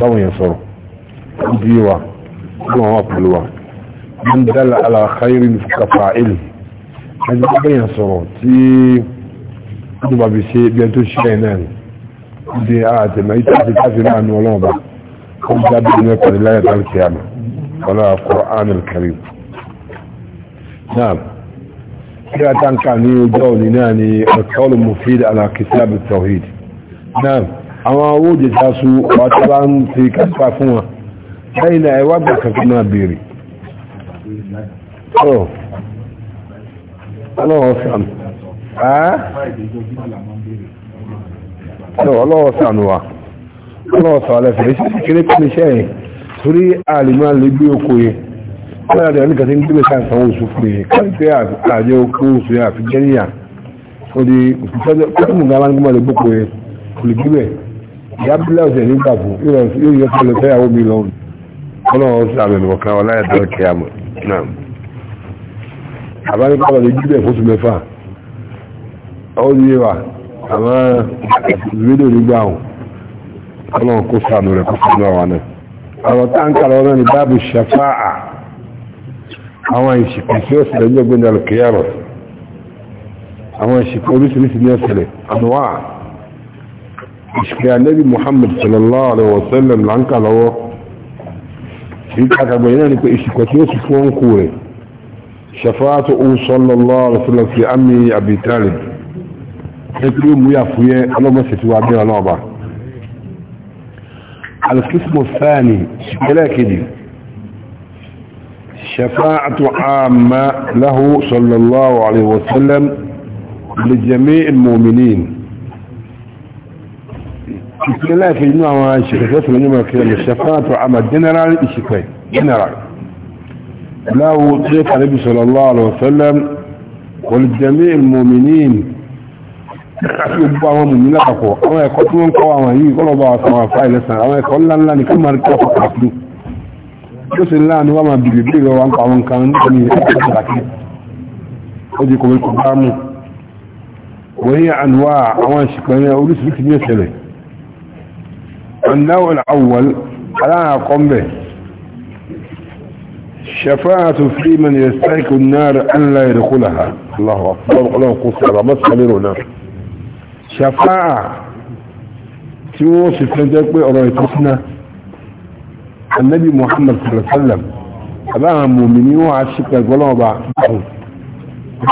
báwọn yẹn sọ̀rọ̀ bí wa bí wọn wà pẹ̀lú wa bí n dala ala khayri kafa ilu ẹni tó bẹ́yẹn sọ̀rọ̀ tí wọ́n bá fi ṣe bí ẹni tó ṣe ẹ̀ náà ni bí a àti ẹ̀mọ́ ìta àti káfí náà nu ọlọ́run ó ń jábí ní ẹ̀kọ́ ní láyé tàbí kí a mọ̀ ọlọ́run al náà kí a tán ká ní ọjọ́ òní náà ni al mufid ala tawhid náà àwọn owó jẹta su ọba tí bá ń fi kápá fún wọn lẹ́yìn náà ẹwà gbà kankan máa béèrè ọ̀rọ̀ ọlọ́wọ́ sànù ọlọ́wọ́ sànù wa ọlọ́wọ́ sànù alẹ́fẹ̀ẹ́ iṣẹ́ kéré kún iṣẹ́ yìí torí àlìmọ́ lè gbé oko yẹn wọ́n yàtọ̀ ní kàtí ń gbé sáà sanwó oṣù fún yẹn káyí pé àjẹ́ okó ìyá bílẹ̀ ọ̀sẹ̀ nígbà fún yóò yọ pẹ̀lú fẹ́yàwó mi lọ́wọ́ ọlọ́run sí àmì ìwọ̀n kan ọláyà tó kí a mọ̀ náà àbáríkọ́ ọ̀rọ̀ lójú bẹ̀ fóṣù mẹ́fà ó ní wà àwọn ìwédò nígbà ọ̀hún ọlọ́run kó sàánú rẹ̀ kó sàánú àwọn náà ọ̀rọ̀ táǹkà lọ́wọ́ náà ni báàbù ṣàfáà àwọn ìṣìkò tí ó ṣẹlẹ̀ ní ọgbẹ́ni alùkẹ́yàrọ̀ àwọn ìṣìkò oríṣiríṣi ní ọ̀sẹ̀lẹ̀ àwọn wáà يا نبي محمد صلى الله عليه وسلم لانك لو يتحكى بينا لكو اشتكتو سفوان كوري شفاة أم صلى الله عليه وسلم في أمي أبي طالب يقول يوم ويافوية أنا ما ستوى بينا نعبا على القسم الثاني شكلا كده شفاعة عامة له صلى الله عليه وسلم لجميع المؤمنين ìpínlẹ̀ láìpẹ́ inú àwọn ìṣẹ̀kẹ̀kẹ́ tó lóyún mọ̀kí ẹ̀lẹ̀ ṣẹfàtò àmà general ìṣẹ̀kẹ̀ general láwo tó yẹ kàníbi sallallahu alaihi wasallam wal jami'il mu'minin àti gbogbo àwọn mùmí lápapọ̀ àwọn ẹ̀kọ́ tí wọ́n ń kọ́ àwọn yìí kọ́lọ̀ bá àwọn afá ìlẹ́sàn àwọn ẹ̀kọ́ ńláńlá ní kí màrí kọ́ pàtàkì tó sì ńlá ni wọ́n máa bìrì bí ìrọ̀ wa ń pa àwọn nǹkan ní ẹ̀kọ́ pàtàkì kò bá mú wọ́n ànúwà àwọn ìṣìkọ̀ yẹn oríṣiríṣi ní ẹ̀sẹ̀lẹ̀ النوع الأول على قم به الشفاعة في من يستحق النار أن لا يدخلها الله أكبر الله قصر ما تخبرنا شفاعة توصف لديك بأرأي تسنى النبي محمد صلى الله عليه وسلم أباها المؤمنين وعشق القلوة بعضهم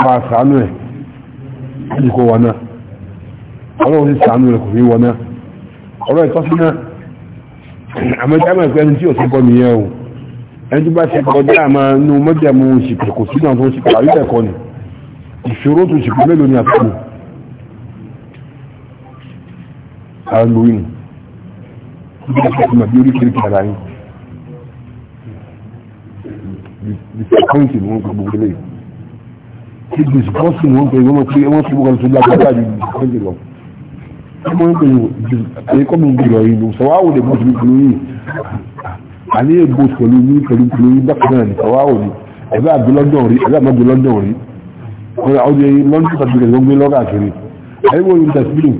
بعض سعنوه يقول وانا قالوا سعنوه لكم هي وانا ọ̀rọ̀ ìtọ́sínà àmọ́jámà ìpẹ́ ẹni tí ò sọ́kọ́ nìyẹn o ẹni tó bá ti kọjá àmà nínú mọ́jàmú òṣìpẹ̀ kò sínú àwọn òṣìpẹ̀ àríwẹ̀ ẹ̀kọ́ ni ìṣòro tó ṣìpẹ̀ mélòó ni àtúnú halloween bí a ṣe mọ̀ bí orí kiri kàrà yín disappointing wọn kò gbogbo lè ti disgusting wọn kò gbogbo pé wọn ti gbogbo tó lágbàdà ju disappointing lọ ọmọ ń pè é kọ́mù ń bìrọ̀ yìí ló sọ wáwò lè bọ́ sí pẹ̀lú yìí àní èbó pẹ̀lú yìí pẹ̀lú pẹ̀lú yìí bákan náà ní sọ̀wáwò ni ẹ̀bẹ́ àgbé london rí ẹ̀bẹ́ àgbé london rí ọ̀rẹ́ ọdún yìí london certificate ló ń gbé lọ́gà kiri ẹ̀yìn wo yunifásitì bílù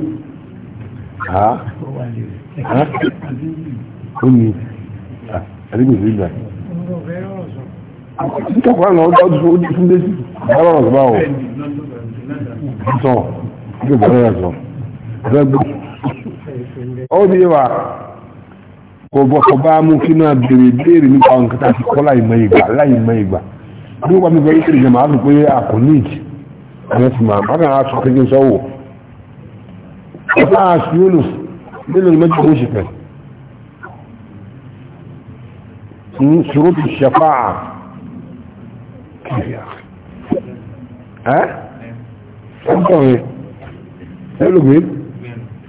ha ha ó ní àdégbè sí ìgbà. kíkàkọ́ àná ọdún ó dé fún dé sí báwọn ọ̀sán báwọn sọ gbẹ́gbẹ́ ó ní wa kò bọ̀ kò bá mú kí náà béèrè béèrè nípa nǹkan tá a ti kọ́ láìmọ̀ ìgbà láìmọ̀ ìgbà bí wọ́n bá mi gbé ìṣèlú jẹ́ màá rò pé àkó níìdì àwọn ti máa bá kàn á sọ kéjì sọ́wọ́ ọ̀sán àti yónus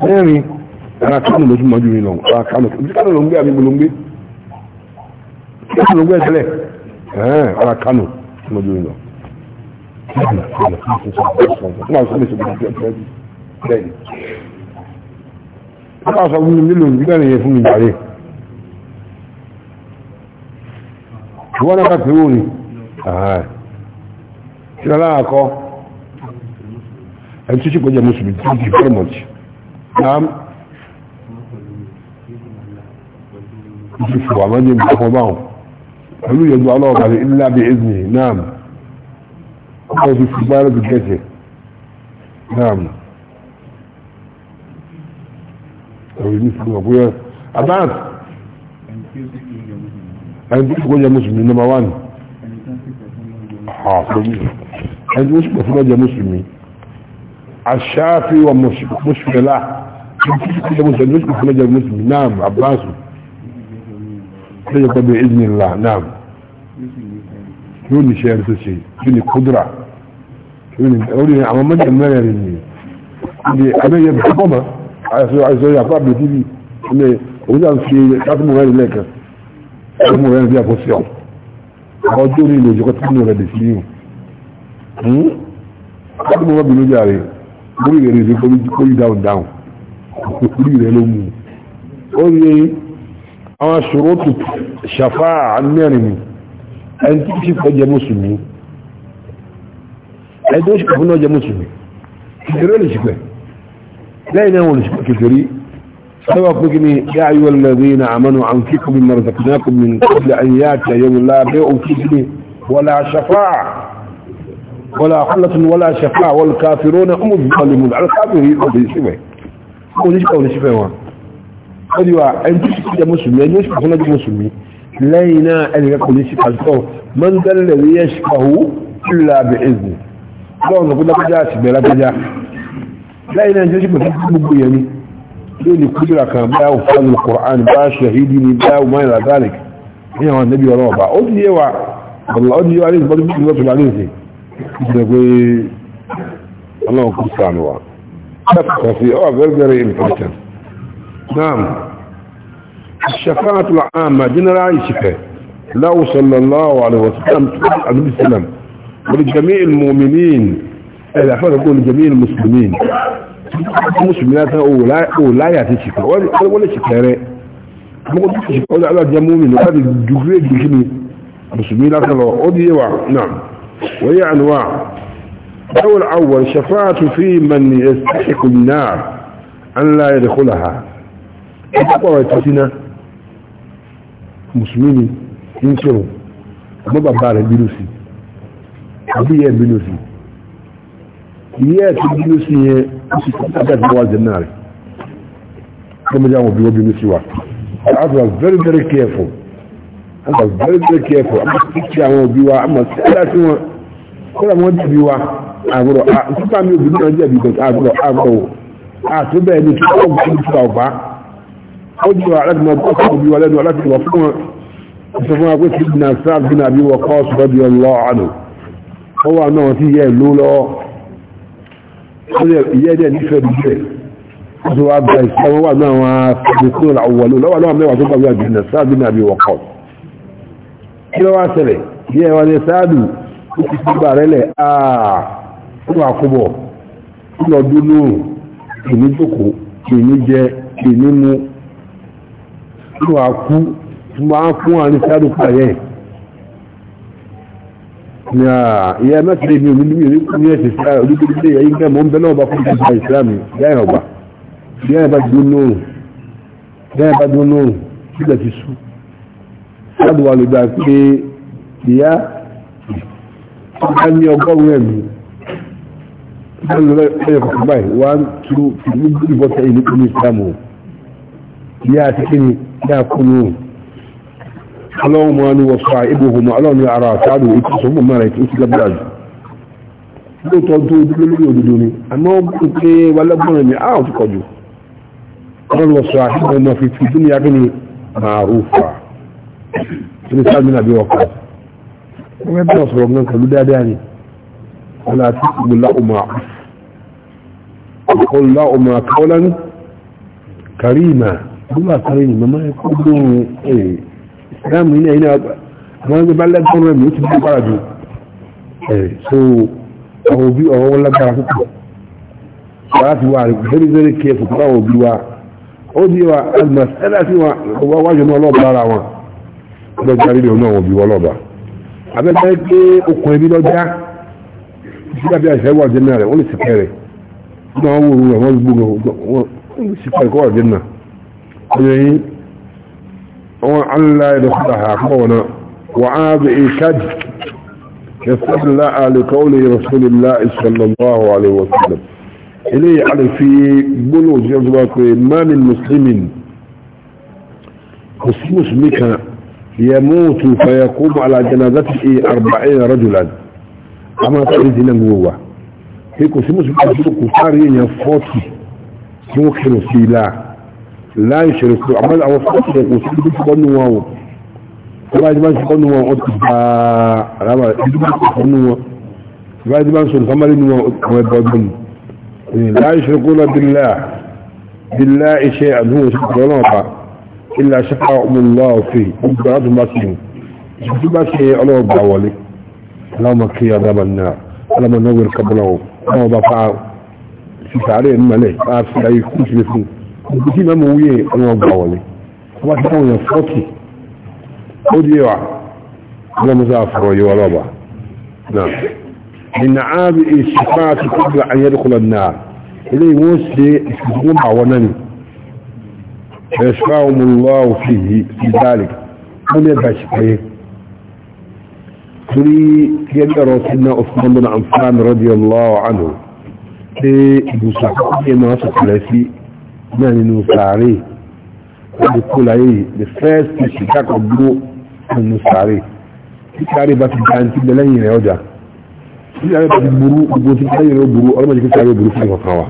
mẹ́rin ara kánù lójú mọ́jú mi lọ ara kánù ojú kánù ló ń gbé àbí mo ló ń gbé kánù ló ń gbé ẹ̀tẹ́lẹ̀ ara kánù lójú mi lọ. Báwo sọ fún mi nílò ìgbà nìyẹn fún mi jàre? Ìwọ́n náà ká pé wò ni? Ṣé aláàkọ́? Ẹni tó ṣe pé jẹ́ Mùsùlùmí tó di fọ́ọ̀mọ̀tì dam ìṣòwò àmọ́jì ń kọ́ báwọn pẹ̀lú ìyẹ̀dù aláwọ̀kàlẹ̀ ilá bí ìzìnì náà ọkọ̀ fi fi báyọ̀ bí gẹ̀ẹ́sẹ̀ náà ọ̀rọ̀ ìlú ìṣòwò àbúyọ̀ adáàt ẹni tó ṣùgbọ́n jẹ́ mùsùlùmí nọ́mbà wán ah, ẹni tó ṣùgbọ́n jẹ́ mùsùlùmí aṣááfi wa mùsùlùmí láà خرج المسلم نعم عباس خرج بإذن الله نعم شوني شيء شيء شوني قدرة شوني أولي عمامات أمانا لني أنا يبقى عايز يعطى بيتي لي وده في حكم غير لك حكم غير فيها فوسيون ọjọ́rí ilé ìjọkọ́ tí nínú rẹ̀ dì sí yìí ọdún mọ́ bí ló járe lórí rẹ̀ rẹ̀ kórí down down كفري لهم قولي اما شروط الشفاعة عن مرمي ان تكشف وجه مسلمي اي دوش كفن وجه مسلمي كفري لشكا لا ينول شكا كفري سوى فكني يا أيها الذين امنوا عن فيكم ما رزقناكم من قبل ان ياتي يوم لا بيع فيه ولا شفاعة ولا خلة ولا شفاعة والكافرون هم الظالمون على الكافرين هم oníṣẹ́ oníṣẹ́fẹ́ wọn ó di wa ẹni tó ṣe jẹ́ mùsùlùmí ẹni oṣù fún ọjọ́ mùsùlùmí lẹ́yìn náà ẹni kẹ́kọ̀ọ́ oníṣẹ́ pàṣípọ̀ mọ́ndẹ́lẹ̀ ní yẹ́ṣù pàhù ìlà bẹ̀ ẹ̀zì lọ́wọ́n lọ́kọ́ lápẹ́já àti bẹ̀rẹ̀ lápẹ́já lẹ́yìn náà jẹ́ṣù pàṣípọ̀ gbogbo yẹn ni yóò ní kúdúrà kan bá òfin alukur'an bá ṣahidi ni bá umaru adalik ní àwọn nabi ọlọ́wọ́ bá ó ti yé wa ọ̀la ó ti yé ní ìbọn tó bí ìsìn ìjọba pé ọlọ́wọ́ kúrò خفية very very important نعم الشفاعة العامة جنرال الشفاعة له صلى الله عليه وسلم عليه وسلم ولجميع المؤمنين إذا فرق يقول جميع المسلمين المسلمات لا يأتي شكر. ولا شفاعة ممكن تشفاعة ولا على جمومين وهذا الجغرية جميع المسلمين لا تلو نعم وهي أنواع أول الأول شفاعة في من يستحق النار أن لا يدخلها أقوى يتسنى مسلمين ينكروا أما ببارة بلوسي أبي بلوسي يأتي بلوسي أبدا بواز النار كما جاءوا بيو بلوسي واحد I was very very careful I was very very careful أما تكتشي عمو بيوا أما سألاتي وكل أمو بيوا àbúrò àtúntà mi òbí náà jẹ̀bi bẹ̀rẹ̀ àbúrò àbúrò àti bẹ́ẹ̀ ni kí wọ́n gbọ́dọ̀ tó ọgbà ó jù wà láti máa bọ́ọ̀sì òbí wa lẹ́nu láti wà fún wọn sọ fún wa pé sí na sáà bí nàbí wọ kọ́ọ̀sì rọ́bì ọlọ́ àná ó wà náà sí yẹ ló lọ́wọ́ ó yẹ ìyẹ́ dẹ̀ nífẹ̀ẹ́ bí bẹ́ẹ̀ ó sọ wá bẹ́ẹ̀ sọ wọ́n wà náà wọn fi kúrò àwọ̀ ló lọ́wọ́ lọ́wọ́ mẹ́wàá tó gbàgbé àbí na sáà bí nàbí wọ ó wà kóbọ̀ ó lọ dúró èmi jókòó èmi jẹ èmi mu ó wà kú máa fún àrin sáré pààyẹ ìyá mẹ́tẹ̀lẹ́ mi òní níbi ìrìnkú ní ẹ̀sẹ̀ sára olúkúlé ẹ̀yí ń gẹ́mọ̀ ń bẹ́ náà bá fún ìjọba ìsìlámì yáyà ọ̀gbà yáyà bá dúró lóòrùn yáyà bá dúró lóòrùn sílẹ̀ ti sú sáàdùwà lè gbà pé ìyá ọ̀gá ní ọgọ́rùn-ún ẹ̀mí ọlọ́run ma ní wọ̀fà ibòhùn ọlọ́run ní ara àtàdù ìtìsọ́gbọ̀n mara ìtìsí gabdájú lóòtọ́ tó dúró lórí òdòdó ni àmọ́ ọgbọ̀n pé wà lọ́gbọ̀n ni a ti kọjú ọlọ́run wọ̀fà ibòhùn ma fi fi dúnìyà kí ni màrúfà tí ni sáàmìnà bí ọkọ̀ ọgbẹ́ bí ọ̀sọ̀rọ̀ gan pẹ̀lú dáadáa ni ọlá àti ìgbòlá ọmọ àkùs يقول اللهم قولا كريما بما كريما ما يقولون ايه اسلام هنا هنا ما يبلد قرم يتبع بلده ايه سو او بي او ولا بلده ساعات وعليك بحير ذلك كيف قرأوا بيوا او بيوا المسألة هو واجه ما الله بلعوا ده جاري هنا هو بيوا الله بلعوا عبد ذلك ايه اقوى بي لو جاء سيبا بيها شهوة الجنة ولا سكره máa إيه؟ هو ó àwọn gbogbo wọn sì pàkó àjẹ́nà ọ̀yẹ́yìn àwọn aláìdọ̀kọ́ta àkọ́kọ́ wọn wà á bẹ̀ ìkájì يسأل الله على قول رسول الله صلى الله عليه وسلم إليه على في بلوز يزواك ما من مسلم مسلم اسمك يموت فيقوم على جنازته أربعين رجلا أما تريد لنقوه pé kò sí mùsùlùmí tó kò sáré èèyàn fọ́ọ̀tì tí wọ́n kẹrù sí ilá láì ṣẹlẹ̀ fún àmọ́ àwọn fọ́ọ̀tì rẹ̀ kò sí ibi tí wọ́n nù wọn o tó bá ìdíbà ń sọ nù wọn ó ti gba àràbà ìdíbà ń sọ nù wọn tó bá ìdíbà ń sọ nùfàmárì nù wọn àwọn ẹbọ ọdún ni láì ṣẹlẹ̀ kó lọ bílá bílá iṣẹ́ àdúgbò sí ìjọlọ́ ọ̀pá ilà ṣẹ́fà ọmọlúwà òfin gbogbo àdúgbò bá sì ń ọlọ́ọ̀gbà wọlé aláwọ̀ kí adábà wẹ̀rẹ̀ kábọ̀lọ́wọ̀ àwọn ọba pa sísàárẹ̀ nílẹ̀ àfihàn ikú sílé fún ibi tí mẹ́mọ̀ wúyẹ̀ àwọn ọgbà wọlé ọba tí wọ́n yẹn fọ́tì ó di ẹwà ọlọ́mọsá àfọ̀rọ̀ yìí wọ́n lọ́ba náà nínú ààbì ìṣùpá àti kọ́bí ayẹ́dẹ́kọ̀lọ́ náà ilé ìwọ̀n ṣe ìṣùgbọ́n àwọn náà ni ẹ̀ṣùpá ọmọlúwà òfin yìí sí dáàlì ó ní ẹ̀bà ìṣùpá تري كيبقى روسنا أثمان بن عمفان رضي الله عنه تري بوسع قوية مواسع أن ماني نوسعري قد يقول عليه بفاس تشتاك عبدو من نوسعري تكاري باتي جانتي بلاني ريوجا تكاري باتي برو بوسي كاري ريو برو ألما جكي تكاري برو في مطاوة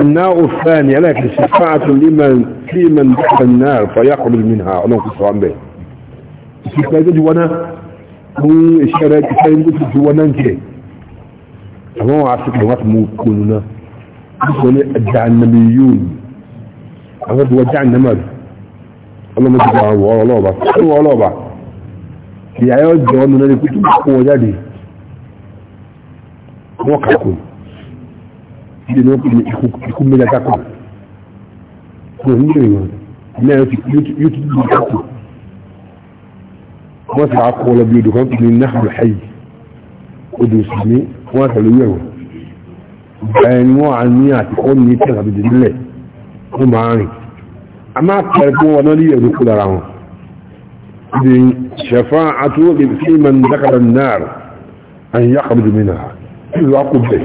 النا الثاني لك شفاعة لمن في من دخل النار فيقبل منها ألما كسوان به شفاعة جوانا mú iṣẹ́ rẹ̀ ti fẹ́ ní tuntun wọn náà jẹ́ àwọn àṣìkò wọn ti mú kónú náà wọ́n sọ ní ẹ̀dánàmì yóò ní àwọn ti wọ́n já nàmà rẹ̀ ọlọ́mọdé bá wọ́ ọlọ́ọ̀bà tó wọ́ ọlọ́ọ̀bà ìyá yóò jọ ọ́nù náà ní pé tó kó wọn jáde wọ́n kà kó ní pè ní ikú mẹ́ta kó ní ìrìn náà yóò ti dùn كوات العقل ولا بيدو كانت من النحل الحي قدو سمي كوات الويرو بانواع المياتي قول نيتلع بذن الله هم عاني اما اكتركو وانا لي ادخل عنه اذن شفاعة وقف في من دخل النار ان يقبض منها كل عقل به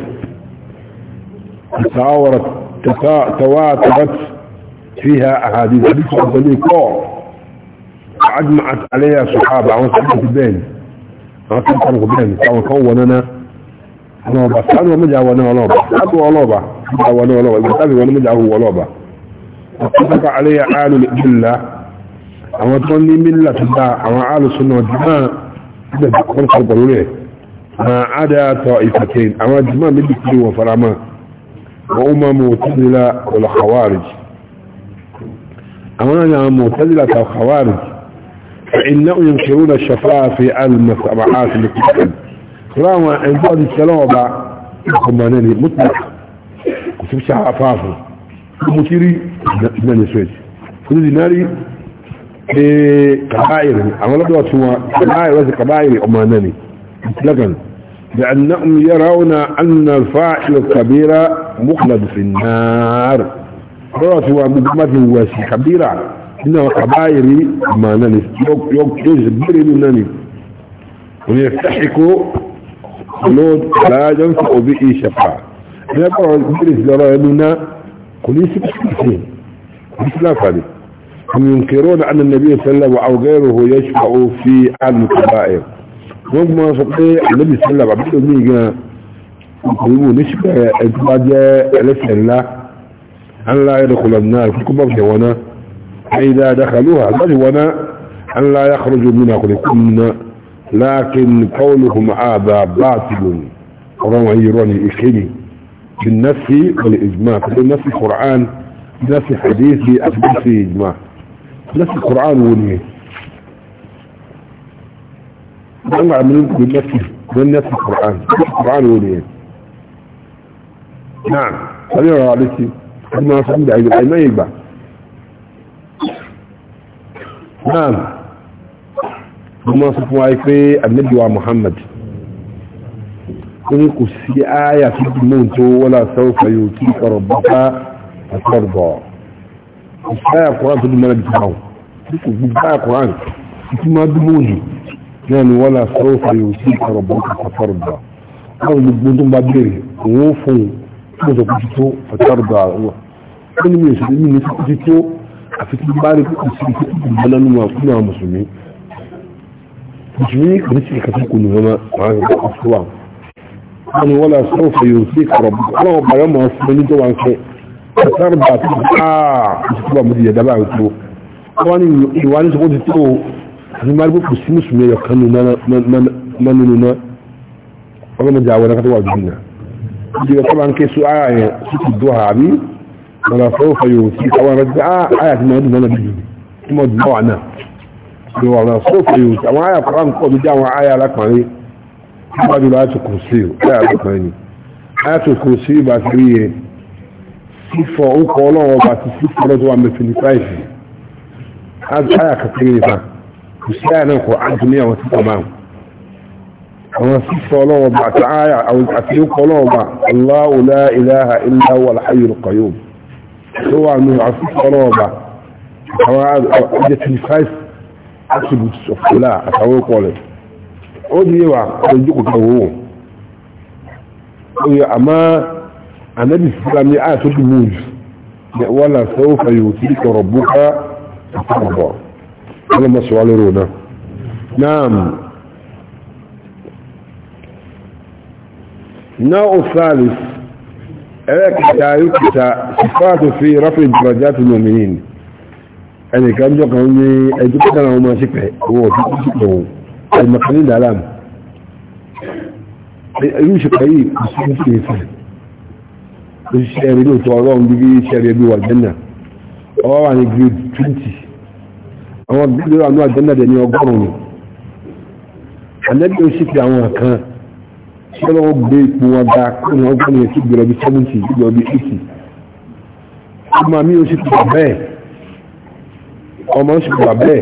تساورت تواتبت فيها احاديث بيكو عبدالي كور أجمعت عليها صحابة عن سبيل بين عن سبيل بين كانوا كوننا أنا بسأل ومجع وانا ولوبة أبو ولوبة أبو وانا ولوبة بسأل وانا مجع هو ولوبة اتفق عليها آل الإجلة أما تقولني ملة تدع أما آل السنة والجماعة إذا تقول صلب له ما عدا طائفتين أما الجماعة ملك وفرما وأمم معتزلة والخوارج أما أنا معتزلة والخوارج فإنهم ينكرون الشفاعة في المسمعات التي تكون رغم أن بعد السلام بقى كمانين مطلق كتب أفافه مطيري ناني سويت كل ديناري إيه، كبائر عمل الله هو كبائر وزي كبائر أماناني مطلقا لأنهم يرون أن الفاعل الكبير مخلد في النار بلوات هو مجمد واسي كبيرة nínú àwọn kàbáyìrí màánà ni yóò ṣe bèrè nínú náà ni òun yẹ fẹ́ṣikó ló dájọ́ ń fi òbí ìṣẹ̀fà nígbàgbọ́ bèrè sí lọ́rọ̀ ẹnu náà kò ní sí kìí kò ní sí láǹfààní هم ينكرون أن النبي صلى الله عليه وسلم أو يشفع في عالم الكبائر wọ́n mọ́ sọ pé àlébì sílẹ̀ bàbá tó ní gan ìgbòho níṣẹ́ ẹ̀dúgbàjẹ́ ẹlẹ́sẹ̀ ńlá ńlá ẹ̀dọ̀kùnlọ̀ فإذا دخلوها رجونا أن لا يخرجوا منها قلقنا لكن قولهم هذا باطل روعيروني إخيني بالنفس والإجماع بالنفس القرآن نفس حديث بأثبت إجماع نفس القرآن ونيه الله عملين بالنفس بالنفس القرآن القرآن ونيه نعم خلينا رأى لكي ما صحيح ما بعد náà ọmọ sọ fún wa pé ànábìwá Muhammad kuni ku si aya fi mun to wala sawfa yuti rabbaka atarda aya quran to mun bi tawo ku gba quran ti ma du mun ni nan wala sawfa yuti rabbaka atarda aw ni gbundum ba bere wo fun ko so ku to atarda wa kuni mi so mi ni ku to àfi tí bá rí kókò sí kókò gbọ́nà nínú àkúnà àwọn mùsùlùmí mùsùlùmí kò ní sí ìkàtà kò nù wọn máa ń gbọ́ fún wa wọn ni wọn lọ sọ fún yóò sí ìkàrọ̀ bí wọn bá yọ máa fún ní tó wà ń fẹ́ kàtàrà bá tó bá oṣù tó bá mo ti yẹ dábàá tó wọn ni ìwà ní sọkọ́ ti tó àfi máa rí kókò sí mùsùlùmí ẹ̀yọ̀ kan nínú náà wọn lọ jà wọn kátó wà jù náà ìjọba kọ́ máa ń ké so ara ولا سوف يوتيك وانا بدي آيات ما يدو لنا بيجي ما دعونا ولا سوف يوتيك وانا آيات قرآن قوة بدي آيات آية لك ماني هذا لا آيات الكرسي آيات لك ماني آيات الكرسي باتريه سفة أوك الله وباتي سفة رضوة مفنفايش هذا آيات كتيرين آية فان كسيانا قوة عدنية وتتمام وصف الله وبعت آية أو الحكيم قال الله لا إله إلا هو الحي القيوم tó wà ní àfíkà ọlọ́ọ̀bà àwọn ọjọ́ 25 attributes of Allah àtàwọn ọkọ̀ọ̀lẹ̀ ó di yíwa ọjọ́ ìjókòó owó oye àmá anábì sísá ní àtó tó mú jù ní wọ́n là ẹlẹ́kẹta yókùta sífáàtò fi rọ́fìn ìjọjáàtì mọ̀mìnì ẹnìkan jọ kan ní ẹjú pẹ́tàrà ọmọ sípẹ̀ owó òtútù sípẹ̀ ohun ẹ̀mọ̀kan ní dàlám irú ìṣẹ̀kọ̀ yìí kò sí ní ìfẹ́ òṣìṣẹ́ rí lóòtọ́ ọlọ́run bí iṣẹ́ rí ẹbí wà jẹ́nà ọwọ́ wà ní grade 20 àwọn gbígbé wà ní àjẹ́nà dẹ̀ ní ọgọ́rùn-ún ṣé wọ́n gbé ipò wọn dáa kó ní wọ́n gbọ́n yẹn sí gbèrò bí seventy gbèrò bí eighty ọmọ mi ò sì kúrò bẹ́ẹ̀ ọmọ ò sì kúrò bẹ́ẹ̀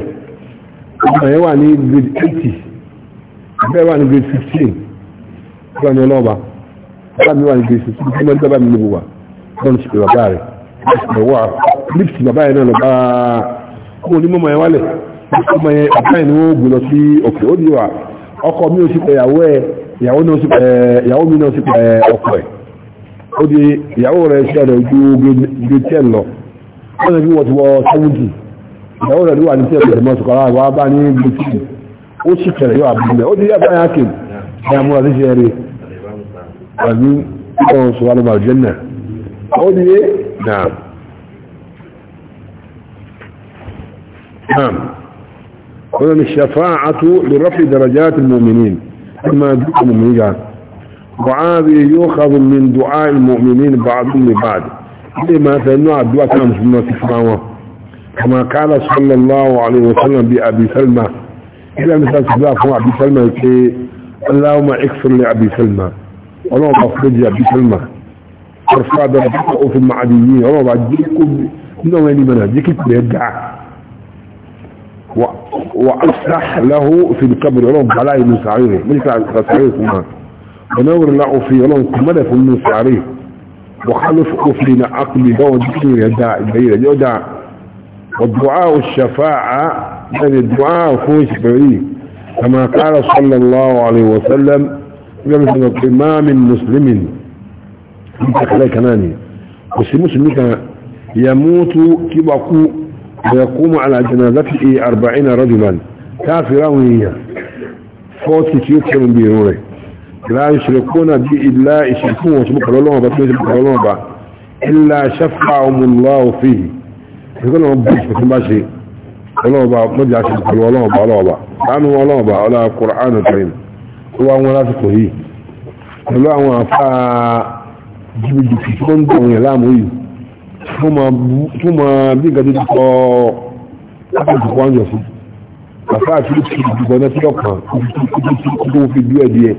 ọmọ yẹn wà ní grade eighty bẹ́ẹ̀ wà ní grade fifteen kúrò ní ọlọ́ọ̀bà bàbá mi wà ní grade fifteen kí wọ́n dábàá mi lóko wà wọ́n sì kúrò bàbá rẹ̀ ẹ̀wọ́ lift bàbá yẹn náà lọ bá kó ní mọ́mọ́ yẹn wálẹ̀ ọmọ yẹn ọ̀gá yẹn ni wọ́n gbé lọ sí òkè ó di wa ọkọ mi ò sì ìyàwó náà sì pẹ̀ ìyàwó mi náà sì pẹ̀ ọkọ ẹ̀ ó di ìyàwó rẹ̀ ṣe rẹ̀ ju oge ten lọ wọ́n ti fi wọ́n ti wọ seventy ìyàwó rẹ̀ ló wà ní ten lọ ìmọ̀ sọ̀kọ̀ àwọn abá ní gbèsè ó sì kẹ̀rẹ̀ yóò àbúlẹ̀ ó di yàtọ̀ yà kè ní àmúra sí ṣe rẹ̀ àbí ọ̀rọ̀ sọ̀rọ̀ àlùmọ̀ àjẹ́ náà ó di yé náà. نعم قلنا الشفاعة لرفع درجات المؤمنين كما دعاء المؤمنين وهذه يؤخذ من دعاء المؤمنين بعضهم لبعض لما تنوع الدعاء كان مسلمة تسمعوا كما قال صلى الله عليه وسلم بأبي سلمة إذا مثال سبلاء فهو أبي سلمة يقول اللهم اكثر لأبي سلمة اللهم افرج لأبي سلمة ارفع درجته في المعديين اللهم اجيكم إنه يعني منهجك بيدعك وأصلح له في القبر يلون بلاي من سعيره ملك سعيره ما ونور له في يلون كملف من سعيره وخلف قفلنا عقل دون جسير يدعى البعير يدعى والدعاء الشفاعة يعني الدعاء فوش بعيد كما قال صلى الله عليه وسلم ما من مسلم انت خلاك ناني وسي مسلم يموت كبقو ويقوم على جنازته أربعين رجلا كافرا وهي فوتي تيوكي من لا يشركون بي إلا يشركون وتبقى بس بطلوا لهم با إلا شفعهم الله فيه يقول لهم بيش بكم باشي الله با مجع شركة الله با الله با عنه الله با على القرآن الكريم هو منافق هي الله وفا جبجي في جبل دون يلام هيه tó ma bí nǹkan tó kọ́ láti kọ́ ọjọ́ sí àfáà tí ó ti dùgbọ́n náà tí ó kàn kó tó fi bí ẹ̀dí ẹ̀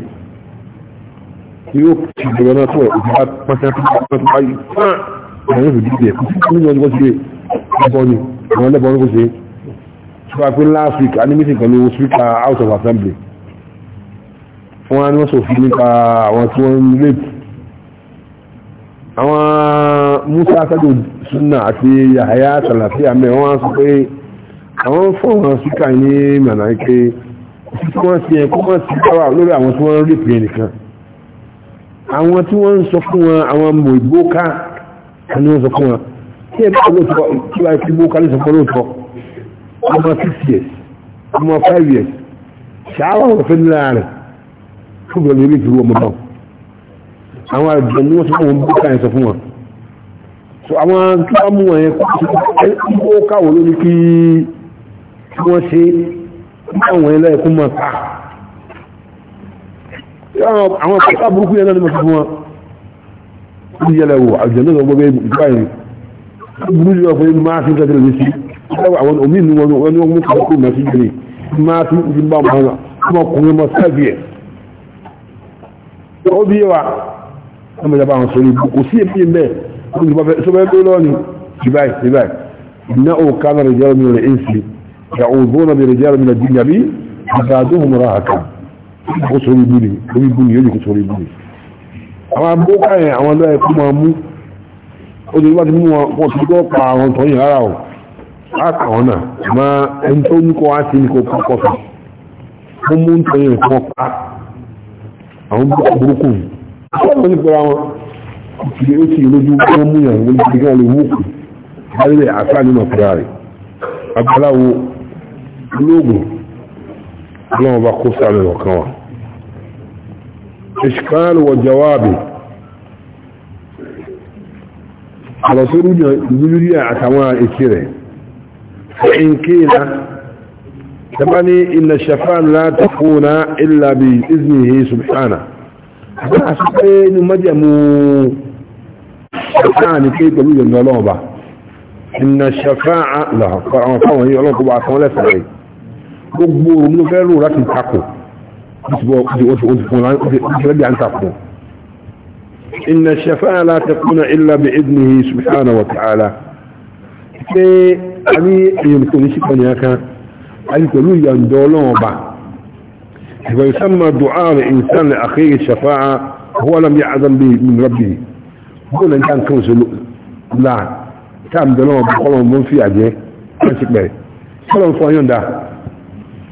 tí ó ti dùgbọ́n náà tó ẹ̀ òjò bá pàṣẹ pàṣẹ báyìí fún àwọn ìfòdí ìdíyẹ kò sí kí wọ́n ti ṣe ẹ̀bọ́n ni àwọn ẹlẹ́bọ̀n kò ṣe tí wọ́n pín last week a ní meeting pẹ̀lú speaker house of assembly wọ́n á ní wọ́n sòfin nípa àwọn tí wọ́n ń late àwọn musa sadu sunna àti yahaya salafiya mẹ́ wọ́n sọ pé àwọn fọ́nà síkà ní mẹ́nà ike tí wọ́n ti ẹ̀kọ́ wọ́n ti káwà lórí àwọn tí wọ́n rí pè nìkan àwọn tí wọ́n ń sọ fún wọn àwọn mò ni wọ́n sọ fún wọn tí ẹ̀bí olóòtọ́ tí wọ́n ti gbóká ní sọ olóòtọ́ ọmọ 6 years ọmọ 5 years ṣááwà wọ́n fẹ́ nílá rẹ̀ fún ìgbẹ̀lẹ̀ ilé ìfìwọ́ àwọn àjọ ni wọ́n sọ fún wọn gbóká yẹn sọ fún wọn so àwọn tí wọ́n mú ẹ̀yẹn kó káwò lórí kí wọ́n ṣe àwọn ilẹ̀ ẹ̀kún mọ̀ sáà àwọn pátá burúkú yẹn náà ni mo fún wọn ní yẹlẹ̀ wò àjẹ́lẹ̀ ọgbọ́n bẹ́ẹ̀ ìgbà yìí burú yọ pé máa fi tẹ́tẹ́ lè sí àwọn omi ìlú wọn ni wọ́n mú kàkó mọ̀ sí jìnnì máa fi ti bá wọn ọmọkùnrin mọ̀ sẹ́ẹ̀bì ẹ̀ ó bí wa ọmọ ìjọba àwọn sọ ní kò sí سبب لوني جباي جباي إنه كان رجال من الإنس يعوذون برجال من الدنيا فزادوهم راهكا قصر يبني يبني يجي قصر يبني àwọn abúkà yẹn àwọn ọlọ́ ẹ̀kú máa mú ó ti wá ti mú wọn pọ̀ sí tó pa àwọn tó yìn ara ọ̀ láàkà wọn náà ma ẹni tó ní kọ́ á sí ní kò pọ̀ sí ó mú ń tọ́yìn ẹ̀kọ́ pa àwọn burúkú ọ̀pọ̀ ní pẹ̀lú àwọn ìtìlẹ̀ ó ti lójú wọ́n mú yàn lójú kí wọ́n lè wó kù lálẹ́ àṣà nínú ọ̀pẹ̀dà rẹ̀ agbáláwo olóògùn ọlọ́run bá kó sáré ọ̀kan wa ìṣkáàlù wọ jawaabi àlọ́sọ́rú ìdúlúrí àtàwọn èké rẹ̀ fẹ́ǹkéèlá tàbá ní ilẹ̀ shafan láti fóònà ìlàbí ìzìnìhì subhana bá a sọ pé ní májẹ̀mú الثاني شيء جميل من اللغة إن الشفاعة لا قرآن قوة هي الله قبعة ولا سعيد مقبور منه قالوا لكن تحقوا يتبعي عن تحقوا إن الشفاعة لا تكون إلا بإذنه سبحانه وتعالى في أمي يمكن شكرا ياكا أجل لي أن دولون با ويسمى دعاء الإنسان لأخيه الشفاعة هو لم يعظم به من ربه هنا كان كنز لا تام دلوا بقولهم من في عدي كنسك بي كلهم فايون دا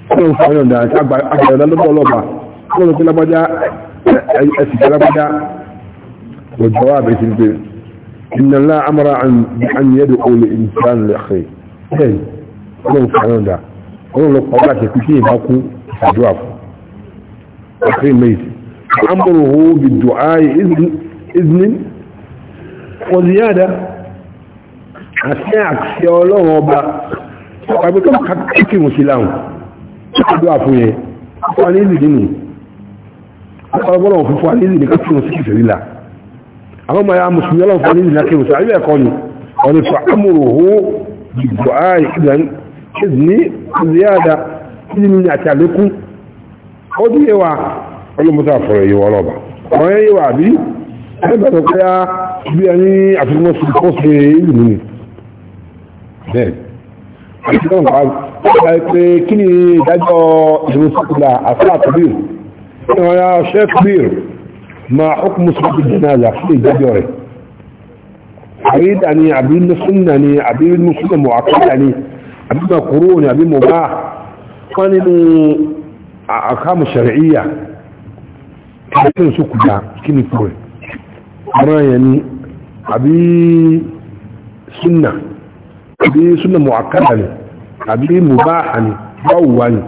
كلهم فايون دا تابع أكبر دا لبو لبا كلهم في لبدا أي أسك لبدا والجواب يتلبي إن الله أمر عن أن يدعو لإنسان لأخي هاي إيه. كلهم فايون دا كلهم لقوات يكتين هاكو أجواب أخي ميت أمره بالدعاء إذن إذن wọ̀zíyàdá àti àti ọlọ́run ọba ọ̀pàgbé tó kàkàkì sí láhùn ọdọ́ àfúnyẹ ọkọ̀ anílì nínú ọgbọ́n fún fún ní kàkàkì sí kìfẹ̀ líla àwọn ọmọ ya mùsùlùmí ọlọ́run fún anílì ní ẹgbẹ̀rún pé á bí ẹni àfikún sí kọ́sí ìlú mi bẹ́ẹ̀ àti náà bá bá pé kí ni ìdájọ́ ìlú sọ́kùnlá àfíà kàbír ní wọ́n yá ṣe kàbír ma ọkùn mùsùlùmí jẹ́nàlá fún ìdájọ́ rẹ̀ àrídà ni àbí mùsùlùmí ni àbí mùsùlùmí àkọ́kà ni àbí makuru ni àbí mọ̀bá wọ́n nínú àkámù ṣàríyà kí ni sọ́kùnlá kí ni kúrẹ̀ ọ̀rọ̀ yẹn ni àbí súnà àbí súnà mu'akkada ni àbí mubaha ni báwo wá ni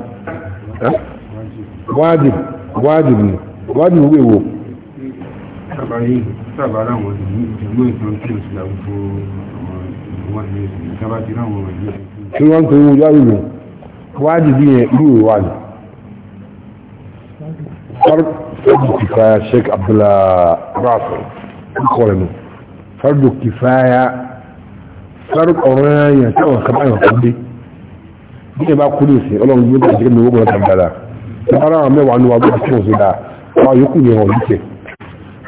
wájib wájib ni wájib wo. sábàáyé sábàárà wọn ni ti ráwọn wọn ní. tí wọ́n ń ni. فرد فجأة شيخ عبد الله راسل kọlẹ̀nù fardu kìfáyà fardu ọ̀rọ̀ yẹn tí wọ́n kàbá yọ̀ kúndé bí ẹ bá kúndé sí ọlọ́run yóò bẹ̀rẹ̀ jẹ́mi wọ́n gbọ́dọ̀ dáadáa tí wọ́n ráwọn mẹ́wàá ní wa bí kí wọ́n sí dáa wọ́n yókù yẹn wọ́n yíkẹ́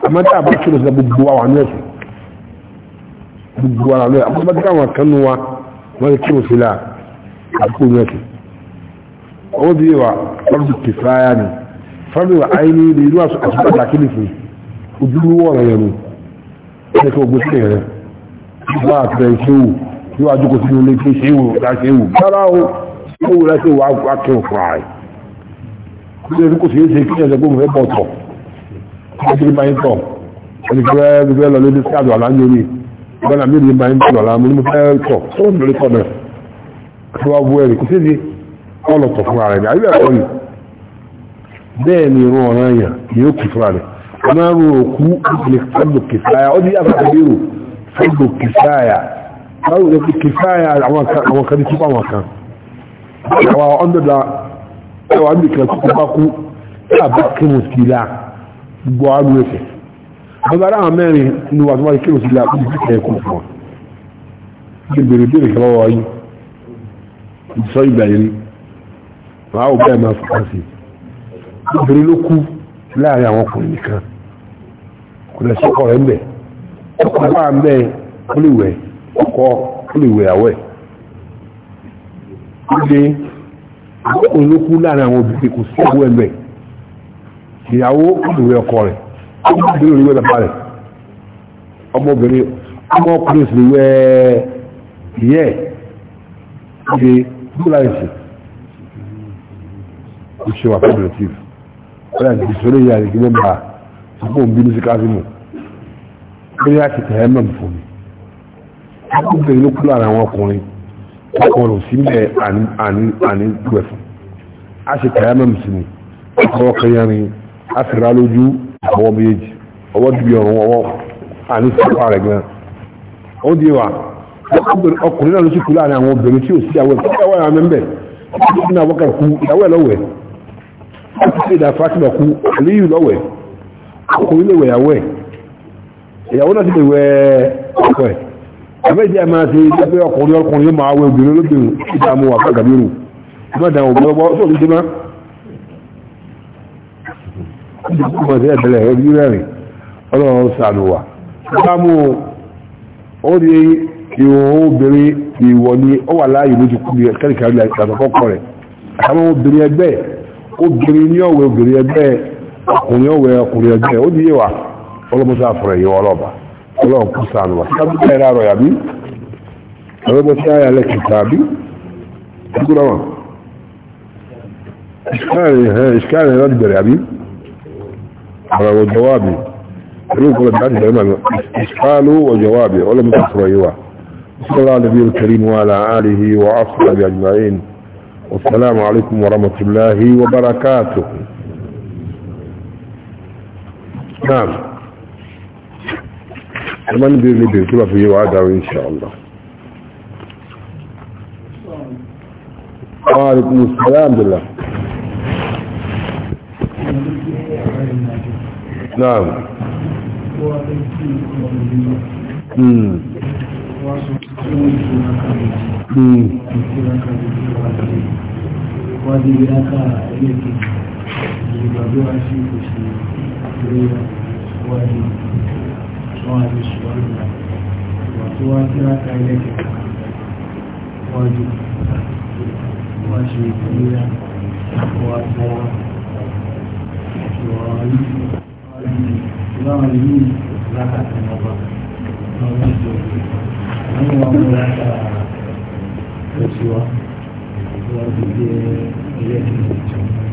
àmọ́ tí a bá kí wọ́n sí gbogbo wa wà ní ẹ̀sìn gbogbo wa lọ́yà àmọ́ tí wọ́n kan nu wa wọ́n kí wọ́n sí dáa àkókò ní ẹ̀sìn ó bí wa fardu kìfáyà ni fardu àìní ìlú àṣọ àṣọ àṣọ àṣọ àṣọ ẹni tó gbé sílẹ̀ rẹ̀ bá àtẹ̀ ìṣẹ́wò yóò àjókò sínú ilé tí ìṣẹ́wò láti ẹ̀wò o ìṣẹ́wò láti ẹ̀wò akẹ́ òfin ààrẹ ilé tí kò sí ẹsẹ̀ kí ẹ̀sẹ̀ gbóhùn ẹ̀bọ̀ tọ̀ ọdún ìgbà yín tọ̀ ẹni fẹ́ fẹ́ lọ lórí sí àdó àlá lórí ìgbà náà mílíọ̀nù ìgbà yín tọ̀ lọ́la mo ní mo fẹ́ tọ̀ tó ń lórí tọ̀ náà tí wọ́n bu ẹ̀rì kò sí ẹsẹ̀ ọlọ́tọ̀ fún ààrẹ ni àyè bẹ́ẹ̀ ni márùn òkú ìpìlẹ̀ fọ́dù kìfáyà ó ní àfẹ́kẹ́bẹ̀rù fọ́dù kìfáyà márùn òkú kìfáyà àwọn kan ní túpọ̀ àwọn kan àwọn ọ̀ndọ̀dà ẹwà ń bìkẹ̀ tó bá kú tàbí kírun sílá gbọ́ àrù ẹ̀fẹ̀ ọba ara mẹ́rin ni wà tó wáyé kírun sílá ó ní bìkẹ̀ ẹ̀kọ́ fún wọn kí n bèrè bèrè kẹwàá wáyé ìsọ ìgbà yìí wàá ò bẹ́ẹ̀ máa láàrin àwọn ọkùnrin nìkan kò lè sọkọ rẹ mbẹ ọkọ bá ń bẹ ó lè wẹ ọkọ ó lè wẹ àwẹ ilé àkókò ló kú láàrin àwọn obìnrin kò sí ìwé ẹgbẹ ìyàwó ó lè wẹ ọkọ rẹ ọmọbìnrin ò lè wẹ bàbá rẹ ọmọbìnrin ọmọkùnrin sì lè wẹ ìyẹ ilé bí láì sí kò ṣe wà fún ìrètí rẹ ó yà ní ìṣòro ìyá rẹ kí àpò òbínú sí káfíìmù bóyá àti tẹ̀yẹ́ mọ̀ fún mi ọkùnrin ló kúrò ara àwọn ọkùnrin ọkùnrin ò sí mẹ́ àní gbẹ̀ fún a ṣe tẹ̀yẹ́ mọ̀ sí mi ọwọ́ kẹyẹrin a sì rá lójú ọwọ́ méjì ọwọ́ dìbì ọ̀run ọwọ́ àní sápá rẹ̀ gan ó di wa ọkùnrin náà ló sì kúrò ara àwọn obìnrin tí ò sí àwọn ìpínlẹ̀ wà láwọn mẹ́mbẹ̀ ọkùnrin náà wọ́kà kú ìyàwó ẹ̀ lọ́wẹ̀ ó ti ṣe ìdá Fatima kú àlíyù lọ́wẹ̀ ọkùnrin ilé wẹ̀ ìyàwó ẹ̀ ìyàwó náà lè wẹ̀ ọkọ ẹ̀ àbẹ́jẹ́ máa ti jẹ́ pé ọkùnrin ọkùnrin máa wẹ̀ obìnrin olóbìnrin ìdààmú wà fún gàbírù mọ́dà òbí ọgbọ́ sóòlù dé má ìdàkùnmọ̀ sí di ọkùnrin ọwẹ ọkùnrin ọjọ́ ó díye wa ọlọ́mọsá fọ̀rọ̀ yìí ọlọ́ba ọlọ́run kú sànù wa sábà bẹ́ẹ̀ rárọ̀ yàbí ọlọ́mọsá ayálẹ̀ kìtà bí dúkúrọ̀ wọn ìṣkáàrì ẹ̀ láti bẹ̀rẹ̀ àbí ọ̀rọ̀ ọjọ́wàbí ẹ̀rọ ìkọlọ̀ láti bẹ̀rẹ̀ mọ̀ ìṣkáàlù ọjọ́wàbí ọlọ́mọsá fọ̀rọ̀ yìí wa صلى النبي الكريم وعلى آله وأصحابه أجمعين والسلام عليكم ورحمة الله وبركاته نعم ما ندير اللي بير كما في وعدها ان شاء الله وعليكم السلام بالله نعم امم امم وادي براكه اليك يبقى دعاء شيء pé wọ́n wọ́n á lè ṣùgbọ́n nígbà ìwà tó wá sí láta ilé kẹta wọ́n ju wọ́n ṣe ìpínlẹ̀ wọ́n tọ́ ìwọ̀n ìlànà yìí lákàtà ọba lọ́wọ́ ìjọ àwọn ọmọ láta òṣìwọ́ wọ́n ti jẹ́ ilé kẹta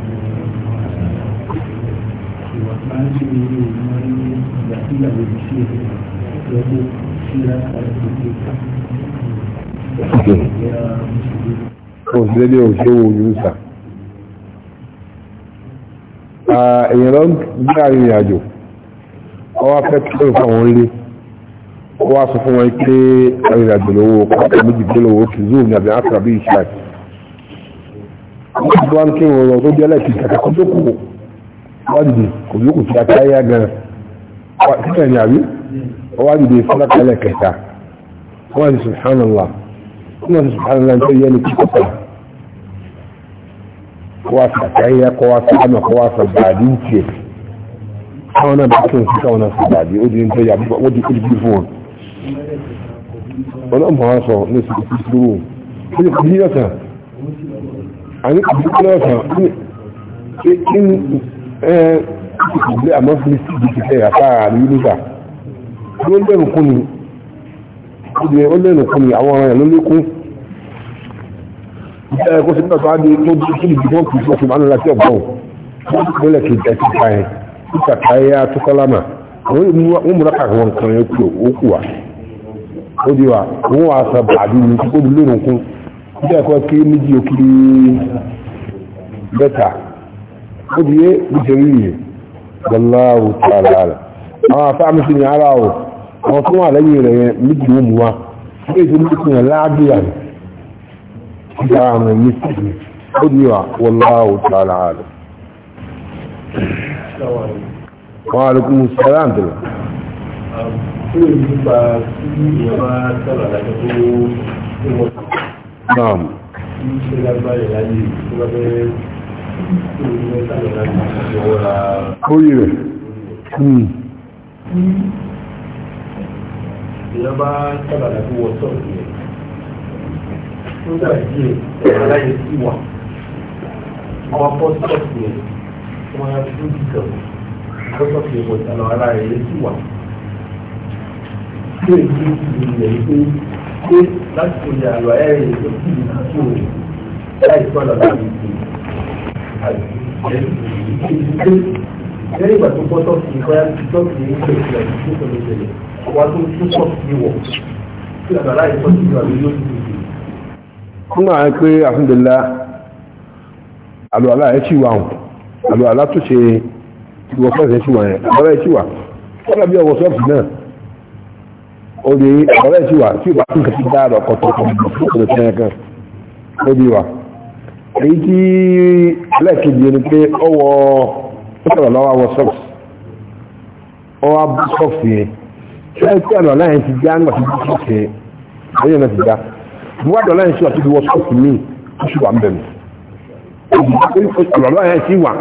báńkì ní ilé ìlú wọn ní ìgbàkúgbà lòdì sí èdè lọ́wọ́ sí látàrí ìgbà òṣèlú òṣèlú òṣèlúsà èèyàn lọ bí àrin àjò ọwá fẹ́ pẹ̀lú fún àwọn ilé ọwá sọ fún wọn pé àrin àjò lówó kọ́kọ́ méjì pé lówó kì zoo ní àbí áfíra bí ìṣáì wọ́n ti wá ń kí wọn lọ tó bí ẹlẹ́kìí kàkà kọ́ tó wádìí kò yókù tí a ti ayé gan títẹ̀ ní àbí wádìí fúlákàlẹ̀ kẹta wọ́n ti subhanallah wọ́n ti subhanallah tó yẹ ní kíkọ́ta wá sí àtàyẹ kọ́ wá sí àmà kọ́ wá sí bàdí ń tiẹ̀ káwọn náà bá tó ń náà bàdí ó di ń di fún wọn sọ ní ó àní ìgbé àmọ́ fi sí ìdí ti fẹ́ àtàrà àrí nígbà tí ó lẹ́nu kún ni obìnrin ó lẹ́nu kún ni àwọn ọ̀rọ̀ ẹ̀ ló lékún ìjẹ́ ẹ̀kọ́ sí pàtó adé tó bí kí ìdí wọn kì í sọ́kùn mánu láti ọ̀gbọ́n wọn kò lẹ̀ kì í tẹ̀ sí pa ẹ̀ títà káyà tó kálámà àwọn èmi wọn múra kàkà wọn kan ẹ̀ kú ó kù wa ó di wa wọn wà sọ bàbí mi kó lẹ́nu kún ìjẹ́ ẹ̀kọ́ kí méjì ó kiri bẹ́tà ó di yé ìjẹ̀rí yìí wallahu ta'ala àlà àwọn afáàmì sí ni ara o àwọn tó wà lẹ́yìn rẹ̀ yẹn méjì ó mú wa ó èso ní ìsìn yẹn láàbíyà ni ìjà àwọn sí ni ó di wa wallahu ta'ala àlà. Wa alaikumus salam àǹtẹ̀lẹ̀ naam orí hmm. láti ṣe àlọ́ ẹ̀rìn tó kì í kú láti ṣe lẹ́yìn ìgbà tó gbọ́dọ̀ sí ìgbáyà tó kì í ṣe ìgbà tó kò lè tẹ̀lé wà tó tún sọ sí wọ̀ tí àgbàlá yìí tọ́jú ìgbà lórí yóò tún tẹ̀lé. wọ́n máa ń pé àfihàn àlùalá ẹ̀ sì wà hàn àlùalá tó ṣe ìwọ fẹ́ẹ̀sì ẹ̀ sì wà yẹn àbọ̀lá ẹ̀ sì wà wọ́n dàbí ọwọ́ sọ́ọ̀fù náà ó di àbọ̀lá ẹ̀ sì wà tí ìwà tó ń kẹ́sì dáadọ̀ kọ̀tọ̀kọ̀ èyí tí lẹ́ẹ̀kejì ni pé ọwọ́ pẹ́sẹ̀rọ̀ lọ́wọ́ wọ socks ọwọ́ bú socks yẹn ṣẹ́ẹ̀kẹ́ ọ̀nà láyé ti já ń gbàtí bú socks yẹn lẹ́yìn náà ti já mú wádọ̀ láyé sí ọ̀tí bí wọ socks mi ó sì wà ń bẹ̀rù ọ̀nà láyé sí wà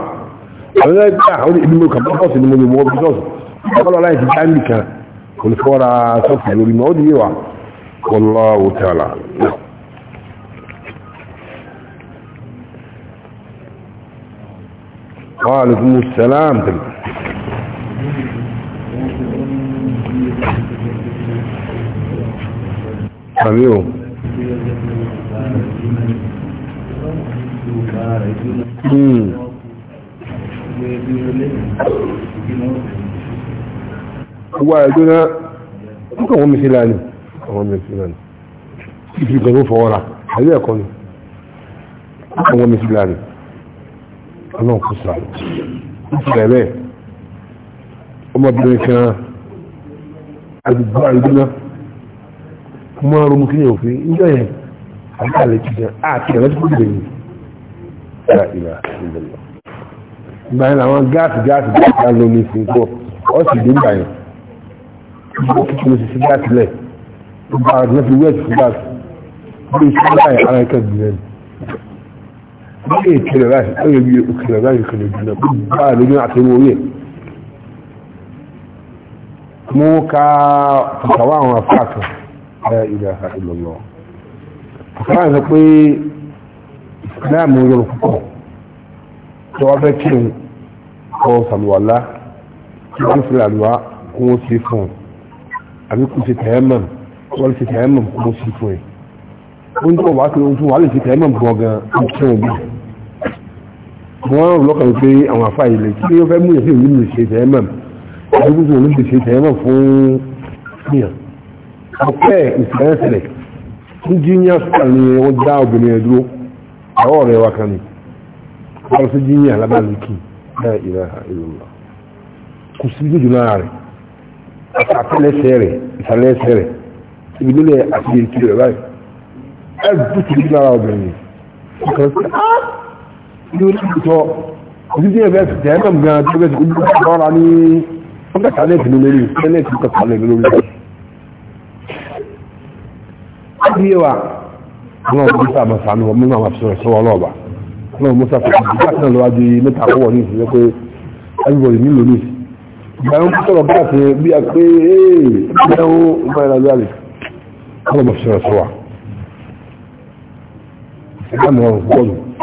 àwọn ẹgbẹ́ gbà ó ní ìdímọ̀ kan socks ni mo lè wọ socks ọ̀nà láyé ti já ń bì kan kò ní fọ́ra socks lórí mọ́ ó di yé wa kọ́lá òtẹ́ àlà náà وعليكم السلام حبيبه وعدنا كم هم مثلاني كم هم مثلاني في قانون فورا هذا يكون كم هم مثلاني ọlọ́run kò sàrò nítorí ẹ̀rẹ́ ọmọbìnrin kan àdúgbò àìdúná mo máa ronú kí yẹn òfin níjọ yẹn àti àlejò yẹn àti ẹ̀rọ tó kúrò lẹ́yìn ìlà ìlà ìlẹ̀lọ. ìgbà yẹn làwọn gáàsì gáàsì gáàsì á lọ ní ìsìn pọ̀ ọ́ sì dé ìgbà yẹn ó kí mo sì sí gáàsì lẹ̀ ó bá a lọ́fi wẹ́ẹ̀tì fún gáàsì bí ìsìn báyìí ara ẹ̀kẹ́ bí èkìlẹ̀ báyìí ó yẹ bí èkìlẹ̀ báyìí kìlẹ̀ jùlọ bá lójú àti owó yẹ mú ká àtàwọn àwọn afáàkàn ayá ilẹ̀ ìlọ̀lọ́ àfáà sọ pé ìsìláàmù yọrọ púpọ̀ tó wá fẹ́ kí n kọ sàlùwàlá tí wọ́n fi àlùwá kó wọ́n sí fún un àbí kò sí tẹ̀ẹ́mọ̀ wọ́n sì tẹ̀ẹ́mọ̀ kó wọ́n sí fún un ó ń tọ́ wá sí ohun tó wà lè sí tẹ̀ẹ́mọ̀ gan-an kí wọ́n bí wọ́n rò lọ́kàn pé àwọn afá ilẹ̀ tí ó fẹ́ mú yẹ̀ sí ìlú lè ṣe tẹ́ẹ̀mọ̀ àdúgbò tó lè ṣe tẹ́ẹ̀mọ̀ fún yàn ọpẹ́ ìfẹ́ẹ̀sẹ̀lẹ̀ ní jíníà sọ́kà ni wọ́n dá obìnrin ẹ̀dúró àwọn ọ̀rẹ́ wa kan ni wọ́n sí jíníà lábàlùkì náà ìlà ìlúlọ kò sí jùjú lára rẹ̀ àtàtẹ́lẹsẹ̀ rẹ̀ ìsàlẹ̀ẹsẹ̀ rẹ̀ ibi nílẹ̀ àti èkì rẹ̀ báyìí ẹ̀ ní orí ìtọ́ òsìsí ẹ̀fẹ́ jẹ́ẹ̀mọ̀ gan tó bẹ́ẹ̀ tó kú lọ́ra ní wọ́n kà tálẹ̀tì ní lórí tálẹ̀tì kà tálẹ̀tì lórí láti yé wa àwọn ọmọ musa àmà sànù wọn mímọ àwọn àfisọ̀rọ̀ sọ́wọ́ ọlọ́ọ̀bà àwọn musa fún mi bá sàn lọ́wọ́ di mẹ́ta àkọ́wọ́ ní ìsinmi pé everybody nílò ní ìgbà wọn kú sọ̀rọ̀ bá àti bí i pé ẹ̀ẹ́ ìgbà wọn ìgbà ìrìnàjò àlè àwọn ọmọ àfisọ̀rọ̀ sọ́wọ́ ìdáàmú ọ̀rọ̀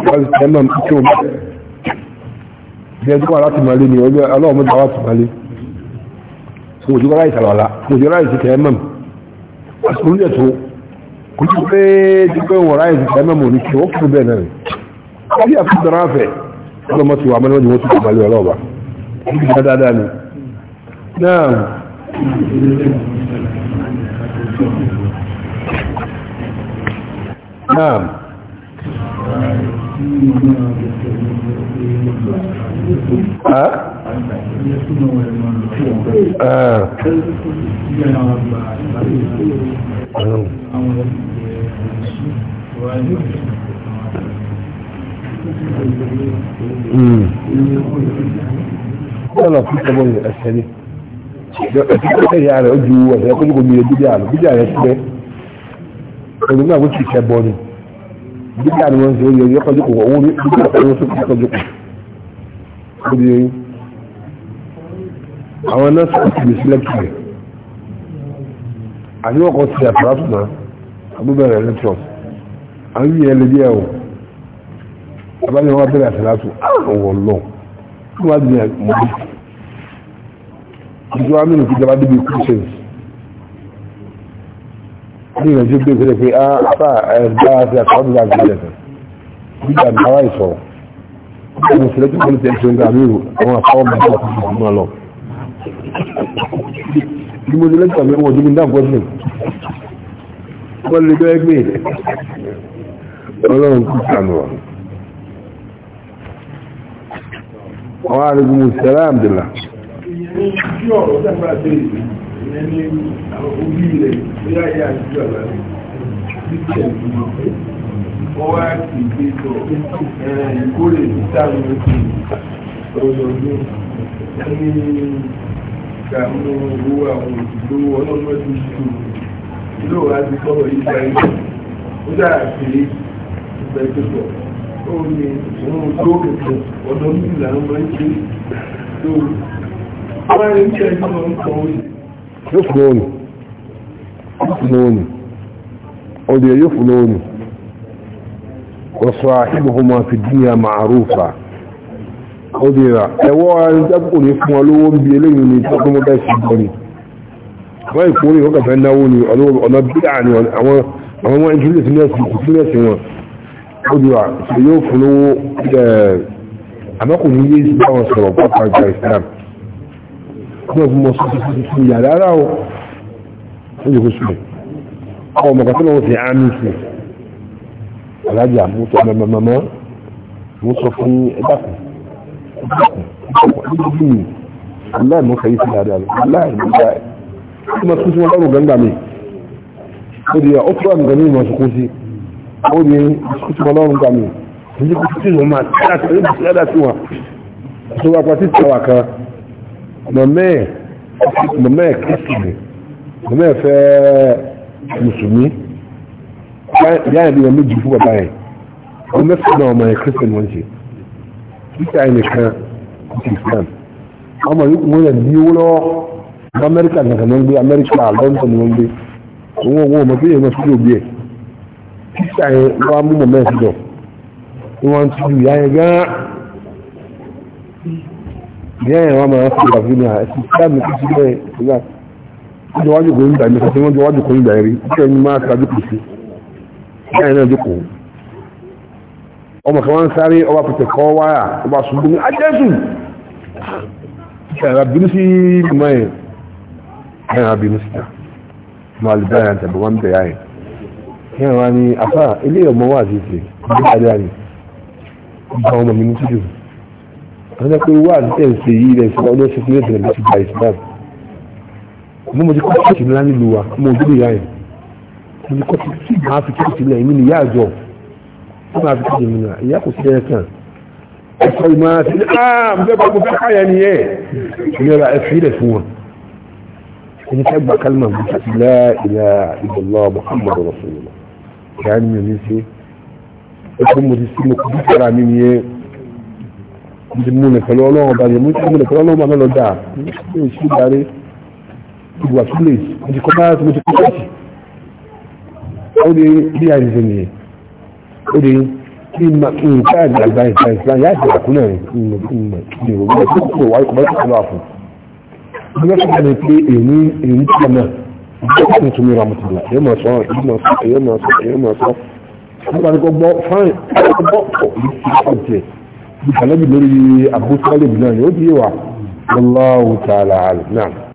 bọ́ọ̀lù ẹ̀mọ́ ìkí omi bí ẹjọ́ wà láti malé ni ọjọ́ ọlọ́ọ̀mọ́dá wà láti malé òjò ráì sàlọ̀lá òjò ráì sí kẹ́ẹ̀mọ́ àsìkò oúnjẹ tó kò tí pé tí pé wọ́n ráì sí kẹ́ẹ̀mọ́ mọ̀ ní kí ó kúrò bẹ́ẹ̀ náà wọ́n yà fún dara fẹ́ ọlọ́mọ ti wà mẹ́lẹ́wọ́n wọ́n ti kò malé ọlọ́ọ̀bá ìgbà dáadáa ni náà Naam ọ̀nà ah. hmm. fún ọmọ ẹ̀ṣẹ̀ ni ẹ̀ṣẹ̀ yà rẹ̀ ojú ẹ̀ṣẹ̀ kó ní kò ní ẹ̀ṣẹ̀ bí i àrùn bí i àrẹ̀ ṣẹ́ náà wọ́n ti ṣẹ́ ni bíkà ni wọ́n ṣe yẹ yẹ kọjú kò owó ní bíkà owó sókè kọjú kò kóbi yẹn àwọn náà sọ ti bèsí lẹ́kì rẹ̀ àti wọ́n kọ́ ti àtàràtù náà agbóbẹ̀rẹ̀ lẹ́tọ̀ àwọn yìí ẹlẹ́ bí ẹ̀wọ̀ abáyé wọn bẹ̀rẹ̀ àtàràtù àwọ̀ ah, lọ kí wọ́n á di ẹ̀ mọ́ ìjọba mi nìkú jọba débi kúrò sẹ́yìn ní ìrìnàjò gbé ìfẹ́lẹ̀ pé àpá ah, ẹ̀dára sí àkọọ́dúnlá ìgbẹ̀lẹ̀fẹ̀ nígbà náwà ìsọ̀ ọmọ ìṣẹ̀lẹ́tù pọ̀lú tẹ̀ ṣe ń gbà mírù àwọn àkọọ́ mẹ́ta fún ìgbìmọ̀ lọ bí mo ti lẹ́tọ̀ mẹ́wọ̀n ojú mi náà gọ́ọ̀dùn ìyẹn ní àwọn òbí rẹ̀ bóyá ìyá àti bàbá rẹ̀ títẹ̀ ìgbìmọ̀ pé wọ́n wá sí ìgbésọ̀ ìkórè ìtàlù òkè ọ̀dọ̀ọ̀dún ní ìgbàmú owó àwọn òṣìṣẹ́ ọlọ́mọ ti ṣù ìlú wa ti sọ̀rọ̀ yípa ẹ̀yìn ó dára pé ìgbẹ́jọ́pọ̀ ó ní òun tó ètò ọ̀dọ́ nílànà máa ń ṣe lóru. wọ́n yóò fún òní yóò fún òní òdìyẹ yóò fún òní wọ́sọ̀ àhìbùkún máa fi dúnyà màárùfà òdìyẹ ẹ̀wọ́ ẹni tẹ́kùn ní fún ọlọ́wọ́ bí eléyìí ní tọ́kùn mọ́tà sí bọ́ni wọ́n ìkú ní ìwọ́kàtà náwó ni ọ̀nà bídà ni àwọn àwọn wọn sí nẹ́ẹ̀sì ìtúlẹ̀ sí wọn òdìyẹ ṣe yóò fún owó àmọ́kùnrin sí báwọn sọ̀rọ̀ pápá ìgbà ìsìlámù bẹ́ẹ̀ fún mọ́ sí fún yàrá rárá o ó yẹ kó sílẹ̀ ọ mọ̀kà tó lọ́wọ́ ti àmì sí alájà mo tọ́ mẹ́mẹ́ mẹ́mẹ́ mo sọ fún ẹ̀dàkùn ẹ̀dàkùn aláì mo fẹ́ yí sí dáadáa aláì mo gbà ẹ̀ ó máa tún sí wọn lọ́rùn gbangba mi ó di ọ́ tó àmì ìmọ̀ ṣùkún sí ó mọ̀mẹ́ mọ̀mẹ́ kìsìlì mọ̀mẹ́ fẹ́ mùsùlùmí yáà bí wọn méjì fún bàbá yẹn wọn mẹ́fà náà ọmọ yẹn kìsìlì wọn ṣe títà yẹn nìkan ti islam ọmọ yìí wọn yẹn bí wọn lọ ní amẹ́ríkà nìkan náà ń gbé amẹ́ríkà london wọn gbé wọn wọn ọmọ tó yẹn wọn sílò bí ẹ títà yẹn wọn mú mọ̀mẹ́ sí dọ̀ wọn ti ju yáyẹn gán bẹ́ẹ̀ wọ́n máa ń fi ìgbà fún mi à ẹ̀sìn tí àmì kìí bẹ́ẹ̀ ìgbà wọ́n jọ wájú kòyìn ìgbà mẹ́ta tí wọ́n jọ wájú kòyìn ìgbà rí kí ẹni máa ṣáájú kù sí bẹ́ẹ̀ náà jókòó ọmọ kan wá ń sáré ọba pẹ̀tẹ̀ kọ́ wáyà ọba ṣubú ní ajẹ́sù ẹ̀rọ abínú sí ìgbìmọ̀ yẹn ẹ̀rọ abínú síta máa lè bá yàn tẹ̀bọ̀ wá bẹ̀ yá yẹn ni afá ilé ọmọ wà sí ìgbà ọmọ ọjọ́ pé wà ní ẹ̀sẹ̀ yìí rẹ̀ sí ọdún sí fúlẹ̀ tẹ̀lé ti gba islam mo mo ti kọ́ ṣèkì ńlá nílùú wa mo dúró ìyá yẹn mo ti kọ́ ṣèkì máa fi kéèkì sílẹ̀ èmi nìyá àjọ ó máa fi kéèkì mi nà ìyá kò sí ẹ̀ kan ẹ̀kọ́ ìmọ̀ àti ah mo fẹ́ bá mo fẹ́ káyà nìyẹn ìnira ẹ̀fí rẹ̀ fún wọn ẹni fẹ́ gba kálímà mo ti múlẹ̀ pẹ̀lú ọlọ́run ọba yẹn múlẹ̀ pẹ̀lú ọlọ́run ọba lọ dáa ní oṣù darí ìwà sílẹ̀ mo ti kọ́ bá mo ti kọ́ báyìí ó lè bí àìsàn nìyẹn ó lè bí nǹkan àgbàgbà ìgbà ìsìlámù yá àti àkúnlẹ̀ ìròyìn tó kò wáyé kò tó lọ àfún. bí wọ́n ti gbàgbé pé èmi èmi tí a náà bí wọ́n ti tún mi ra mo ti là èyí mọ̀ sọ èyí mọ̀ sọ èyí mọ̀ sọ النبي لوري أبو طالب نعم يودي والله تعالى عالم نعم